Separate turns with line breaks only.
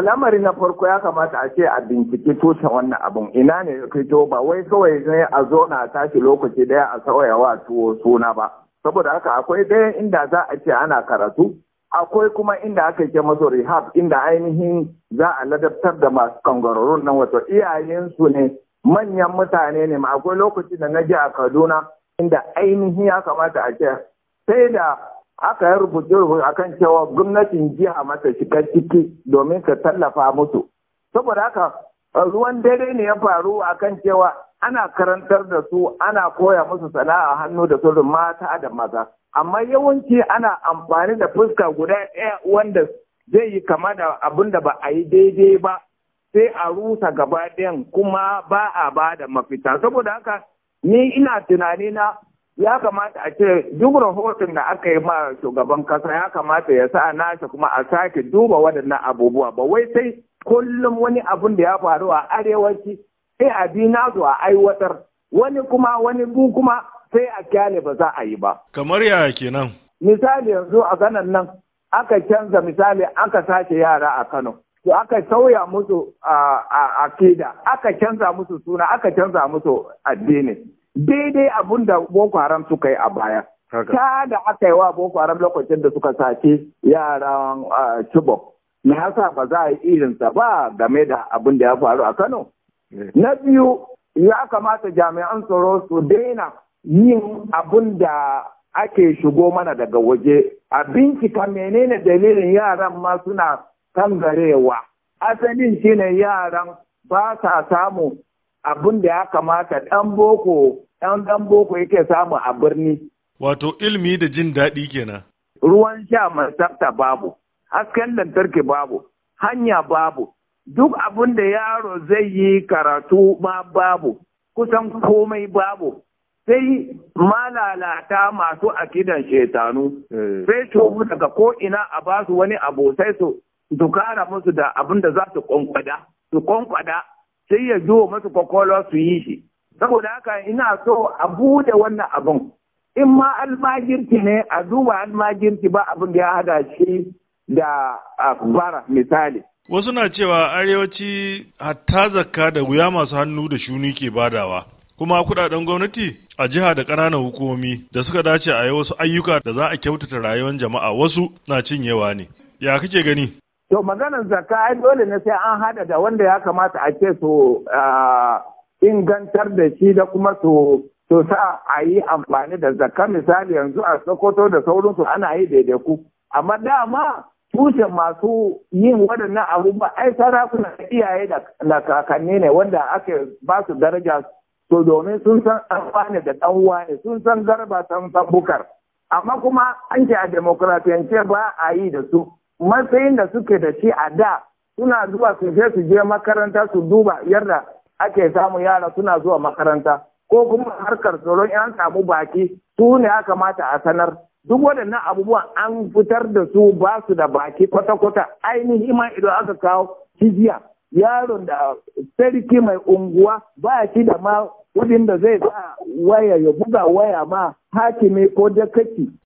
lamari na farko ya kamata a ce a bincike tushen wannan abun ina ne ya fito ba wai kawai ne a zo na tashi lokaci daya a sauya wa tuwo suna ba saboda haka akwai ɗaya inda za a ce ana karatu akwai kuma inda aka ke masu rehab inda ainihin za a ladabtar da masu kangararrun nan wato iyayensu ne manyan mutane ne ma akwai lokacin da na ji a kaduna inda ainihin ya kamata a ce sai da aka ya rubuce a akan cewa gwamnatin jiha mata shiga ciki domin ka tallafa musu saboda haka eh, ruwan dare ne ya faru a kan cewa ana karantar da su ana koya musu sana'a hannu da su, mata da maza amma yawanci ana amfani da fuska guda ɗaya wanda zai yi kama da abin da ba a yi daidai ba sai a rusa gaba ɗayan kuma ba a ba da mafita saboda haka ni ina tunani na ya kamata a ce duk rahoton da aka yi ma shugaban kasa ya kamata ya sa nasa kuma a sake duba waɗannan abubuwa ba wai sai kullum wani abun da ya faru a arewaci sai a bi nasu a aiwatar wani kuma wani bu kuma sai a kyale ba za a yi ba. Kamar ya kenan. Misali yanzu a ganan nan aka canza misali aka sace yara a Kano. To aka sauya musu a akida, aka canza musu suna, aka canza musu addini. daidai abun da Boko Haram suka yi a baya. Ta da aka yi wa Boko Haram lokacin da suka sace yaran Chibok. Me yasa ba za a yi irinsa ba game da abin da ya faru a Kano? Eh. Na biyu, ya kamata jami'an tsaro su daina yin abun da ake shigo mana daga waje. A bincika menene dalilin yaran ma suna kangarewa. Asalin shine yaran ba sa samu abin da ya kamata ɗan boko ɗan ɗan boko yake samu a birni. Wato ilimi da jin daɗi kenan. Ruwan sha mai tsafta babu, hasken lantarki babu, hanya babu, duk abin da yaro zai yi karatu ma babu, kusan komai babu. Sai ma lalata masu akidan shetanu, eh. sai shobu daga ko'ina a basu wani abu sai su kara musu da abin da za su kwankwada, su kwankwada sai ya zo masu kwakwalwa su yi shi saboda haka ina so a bude wannan abin in ma almajirki ne a duba almajirki ba abin da ya hada shi da bara misali wasu na cewa arewaci hatta zakka da wuya masu hannu da shuni ke badawa kuma kudaden gwamnati a jiha da ƙananan hukumomi da suka dace a yi wasu ayyuka da za a kyautata rayuwar jama'a wasu na cinyewa ne ya kake gani To maganar zakka ai dole ne sai an hada da wanda ya kamata a ce su ingantar da shi da kuma su to sa a yi amfani da zakka misali yanzu a Sokoto da sauransu ana yi daidaiku. Amma dama tushen masu yin waɗannan abubuwa ai sarakuna iyaye da kakanni ne wanda ake ba su daraja to domin sun san amfani da ɗan waye sun san garba san bukar. Amma kuma an ce a demokratiyance ba a yi da su. matsayin da suke da shi a da suna zuwa su je su je makaranta su duba yadda ake samun yara suna zuwa makaranta ko kuma harkar tsaron 'yan samu baki su ne ya kamata a sanar duk waɗannan abubuwan an fitar da su ba su da baki kwata-kwata ainihi ma idan aka kawo jijiya yaron da sarki mai unguwa ba shi da ma kudin da zai sa waya ya buga waya ma hakimi ko jakaki